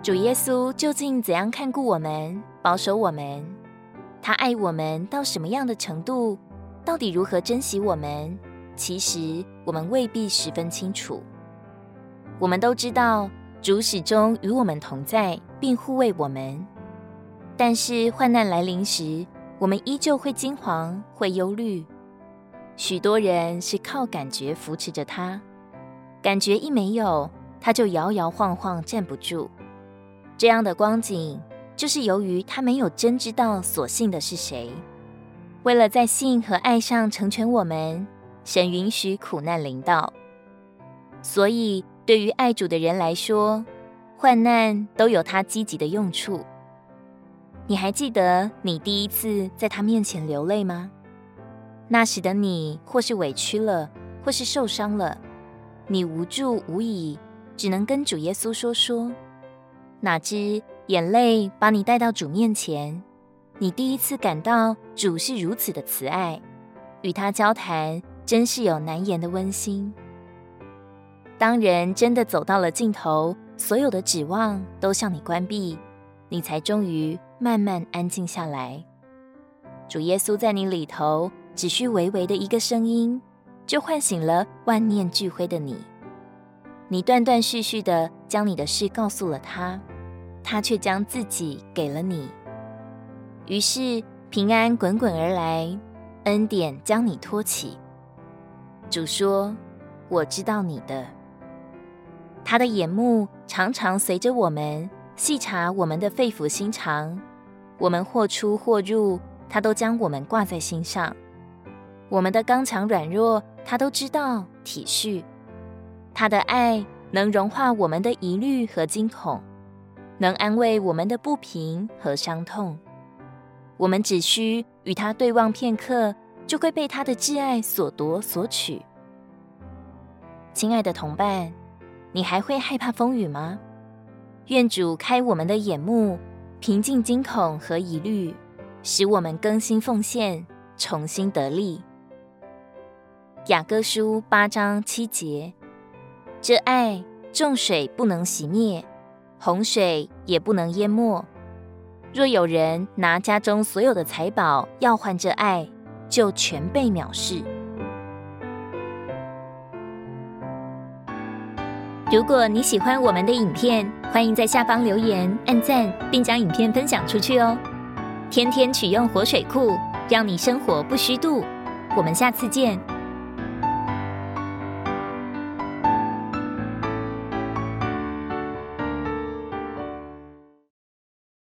主耶穌究竟怎樣看顧我們、保守我們？他愛我們到什麼樣的程度？到底如何珍惜我們？其實我們未必十分清楚。我們都知道主始終與我們同在，並護衛我們，但是患難來臨時，我們依舊會驚惶、會憂慮。許多人是靠感覺扶持着他，感覺一沒有，他就搖搖晃晃站不住。這樣的光景，就是由於他沒有真知道所信的是誰。為了在信和愛上成全我們，神允許苦難臨到。所以，對於愛主的人來說，患難都有他積極的用處。你還記得你第一次在他面前流淚嗎？那時的你，或是委屈了，或是受傷了，你無助無以，只能跟主耶穌說說。哪知眼淚把你帶到主面前，你第一次感到主是如此的慈愛，與他交談真是有難言的溫馨。當人真的走到了盡頭，所有的指望都向你關閉，你才終於慢慢安靜下來。主耶穌在你裡頭，只需微微的一個聲音，就喚醒了萬念俱灰的你。你斷斷續續的將你的事告訴了他。他卻將自己給了你，於是平安滾滾而來，恩典將你托起。主說：“我知道你的。”他的眼目常常隨着我們細察我們的肺腑心腸，我們或出或入，他都將我們掛在心上。我們的剛強軟弱，他都知道，體恤。他的愛能融化我們的疑慮和驚恐。能安慰我們的不平和傷痛，我們只需與他對望片刻，就會被他的摯愛所奪所取。親愛的同伴，你還會害怕風雨嗎？願主開我們的眼目，平靜驚恐和疑慮，使我們更新奉獻，重新得力。雅歌八章七節：這愛，眾水不能熄滅。洪水也不能淹沒。若有人拿家中所有的財寶要換這愛，就全被藐視。如果你喜歡我們的影片，歡迎在下方留言、按讚，並將影片分享出去哦。天天取用活水庫，讓你生活不虛度。我們下次見。